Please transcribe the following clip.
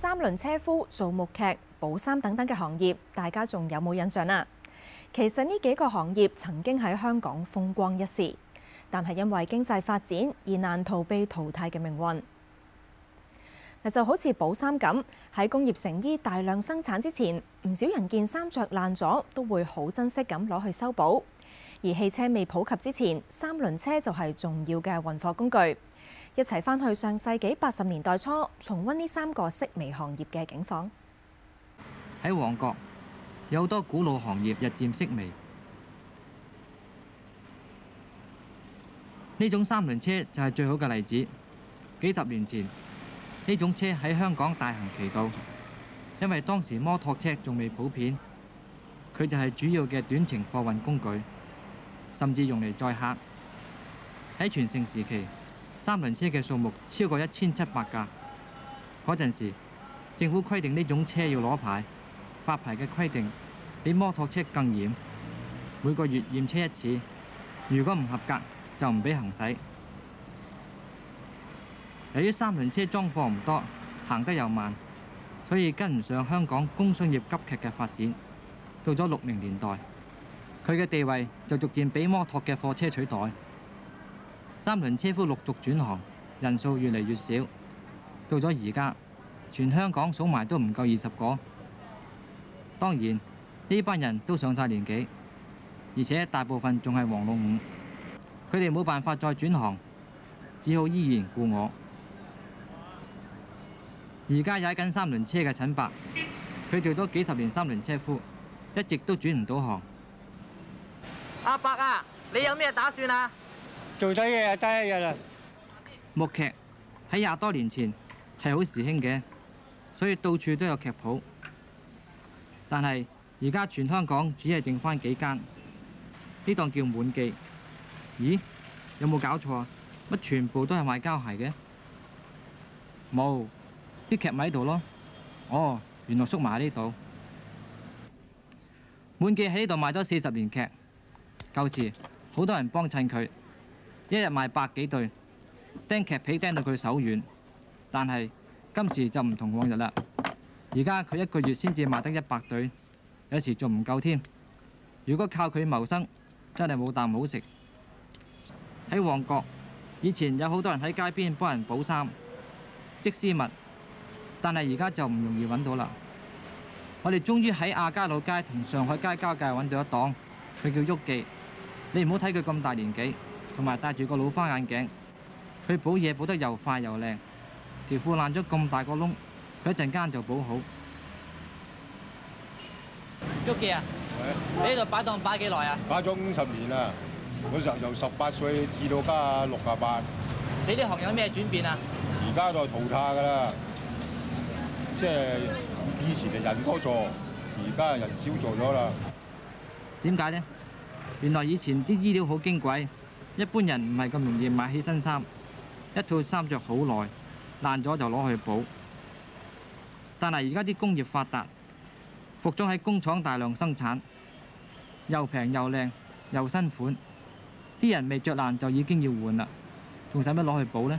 三輪車夫、造木屐、補衫等等嘅行業，大家仲有冇印象啊？其實呢幾個行業曾經喺香港風光一時，但係因為經濟發展而難逃被淘汰嘅命運。嗱，就好似補衫咁，喺工業成衣大量生產之前，唔少人件衫着爛咗都會好珍惜咁攞去修補。而汽車未普及之前，三輪車就係重要嘅運貨工具。一齊返去上世紀八十年代初，重溫呢三個式微行業嘅境況。喺旺角有好多古老行業日漸式微，呢種三輪車就係最好嘅例子。幾十年前，呢種車喺香港大行其道，因為當時摩托車仲未普遍，佢就係主要嘅短程貨運工具。甚至用嚟載客。喺全盛時期，三輪車嘅數目超過一千七百架。嗰陣時，政府規定呢種車要攞牌，發牌嘅規定比摩托車更嚴，每個月驗車一次。如果唔合格，就唔俾行駛。由於三輪車裝貨唔多，行得又慢，所以跟唔上香港工商業急劇嘅發展。到咗六零年代，佢嘅地位就逐漸被摩托嘅貨車取代，三輪車夫陸續轉行，人數越嚟越少。到咗而家，全香港數埋都唔夠二十個。當然呢班人都上晒年紀，而且大部分仲係王老五，佢哋冇辦法再轉行，只好依然故我。而家踩緊三輪車嘅陳伯，佢做咗幾十年三輪車夫，一直都轉唔到行。阿伯啊，你有咩打算啊？做仔嘢啊，得一日啦。木屐喺廿多年前係好時興嘅，所以到處都有屐鋪。但係而家全香港只係剩返幾間。呢檔叫滿記。咦？有冇搞錯啊？乜全部都係賣膠鞋嘅？冇，啲屐咪喺度咯。哦，原來縮埋喺呢度。滿記喺呢度賣咗四十年屐。舊時好多人幫襯佢，一日賣百幾對釘屐皮，釘到佢手軟。但係今時就唔同往日啦。而家佢一個月先至賣得一百對，有時仲唔夠添。如果靠佢謀生，真係冇啖好食。喺旺角，以前有好多人喺街邊幫人補衫、織絲襪，但係而家就唔容易揾到啦。我哋終於喺亞皆老街同上海街交界揾到一檔，佢叫旭記。你唔好睇佢咁大年紀，同埋戴住個老花眼鏡，佢補嘢補得又快又靚。條褲爛咗咁大個窿，佢一陣間就補好。玉記啊！喂，你喺度擺檔擺幾耐啊？擺咗五十年啦，嗰時由十八歲至到家六十八。你呢行有咩轉變啊？而家都係淘汰㗎啦，即係以前嘅人多做，而家人少做咗啦。點解呢？原來以前啲衣料好矜貴，一般人唔係咁容易買起新衫，一套衫着好耐，爛咗就攞去補。但係而家啲工業發達，服裝喺工廠大量生產，又平又靚又新款，啲人未着爛就已經要換啦，仲使乜攞去補呢？